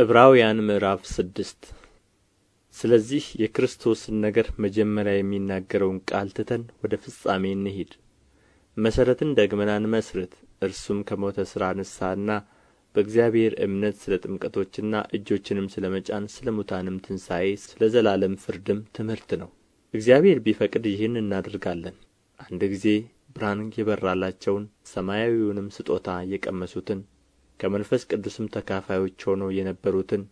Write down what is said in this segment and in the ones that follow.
ዕብራውያን ምዕራፍ ስድስት ስለዚህ የክርስቶስን ነገር መጀመሪያ የሚናገረውን ቃል ትተን ወደ ፍጻሜ እንሂድ። መሠረትን ደግመን አንመሥርት፤ እርሱም ከሞተ ሥራ ንስሐና በእግዚአብሔር እምነት ስለ ጥምቀቶችና እጆችንም ስለ መጫን ስለ ሙታንም ትንሣኤ ስለ ዘላለም ፍርድም ትምህርት ነው። እግዚአብሔር ቢፈቅድ ይህን እናደርጋለን። አንድ ጊዜ ብርሃን የበራላቸውን ሰማያዊውንም ስጦታ የቀመሱትን ከመንፈስ ቅዱስም ተካፋዮች ሆነው የነበሩትን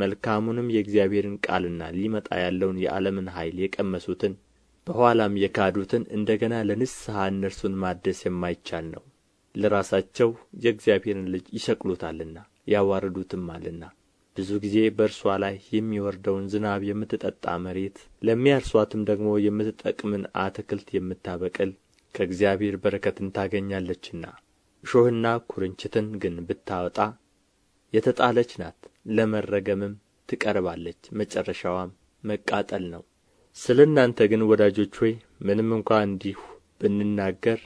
መልካሙንም የእግዚአብሔርን ቃልና ሊመጣ ያለውን የዓለምን ኃይል የቀመሱትን በኋላም የካዱትን እንደ ገና ለንስሐ እነርሱን ማደስ የማይቻል ነው ለራሳቸው የእግዚአብሔርን ልጅ ይሰቅሉታልና ያዋርዱትማልና ብዙ ጊዜ በእርሷ ላይ የሚወርደውን ዝናብ የምትጠጣ መሬት ለሚያርሷትም ደግሞ የምትጠቅምን አትክልት የምታበቅል ከእግዚአብሔር በረከትን ታገኛለችና እሾህና ኵርንችትን ግን ብታወጣ የተጣለች ናት ለመረገምም ትቀርባለች መጨረሻዋም መቃጠል ነው ስለ እናንተ ግን ወዳጆች ሆይ ምንም እንኳ እንዲሁ ብንናገር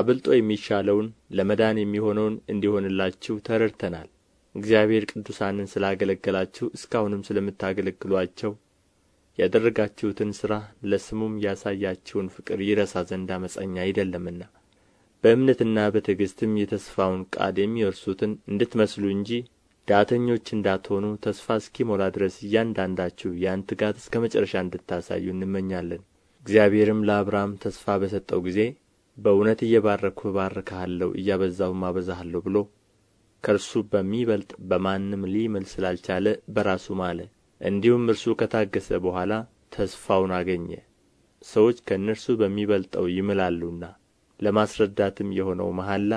አብልጦ የሚሻለውን ለመዳን የሚሆነውን እንዲሆንላችሁ ተረድተናል። እግዚአብሔር ቅዱሳንን ስላገለገላችሁ እስካሁንም ስለምታገለግሏቸው ያደረጋችሁትን ሥራ ለስሙም ያሳያችሁን ፍቅር ይረሳ ዘንድ አመፀኛ አይደለምና በእምነትና በትዕግሥትም የተስፋውን ቃል የሚወርሱትን እንድትመስሉ እንጂ ዳተኞች እንዳትሆኑ ተስፋ እስኪሞላ ድረስ እያንዳንዳችሁ ያን ትጋት እስከ መጨረሻ እንድታሳዩ እንመኛለን። እግዚአብሔርም ለአብርሃም ተስፋ በሰጠው ጊዜ በእውነት እየባረኩ እባርክሃለሁ እያበዛሁም አበዛሃለሁ ብሎ ከእርሱ በሚበልጥ በማንም ሊምል ስላልቻለ በራሱ ማለ። እንዲሁም እርሱ ከታገሰ በኋላ ተስፋውን አገኘ። ሰዎች ከእነርሱ በሚበልጠው ይምላሉና ለማስረዳትም የሆነው መሐላ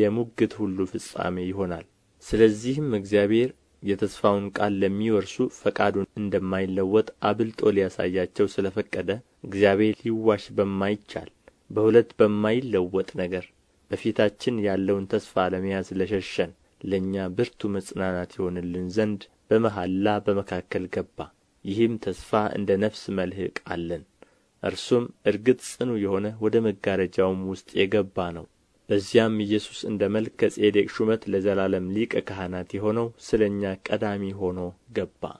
የሙግት ሁሉ ፍጻሜ ይሆናል ስለዚህም እግዚአብሔር የተስፋውን ቃል ለሚወርሱ ፈቃዱን እንደማይለወጥ አብልጦ ሊያሳያቸው ስለ ፈቀደ እግዚአብሔር ሊዋሽ በማይቻል በሁለት በማይለወጥ ነገር በፊታችን ያለውን ተስፋ ለመያዝ ለሸሸን ለእኛ ብርቱ መጽናናት ይሆንልን ዘንድ በመሐላ በመካከል ገባ ይህም ተስፋ እንደ ነፍስ መልሕቅ አለን እርሱም እርግጥ ጽኑ የሆነ ወደ መጋረጃውም ውስጥ የገባ ነው በዚያም ኢየሱስ እንደ መልከ ጼዴቅ ሹመት ለዘላለም ሊቀ ካህናት የሆነው ስለ እኛ ቀዳሚ ሆኖ ገባ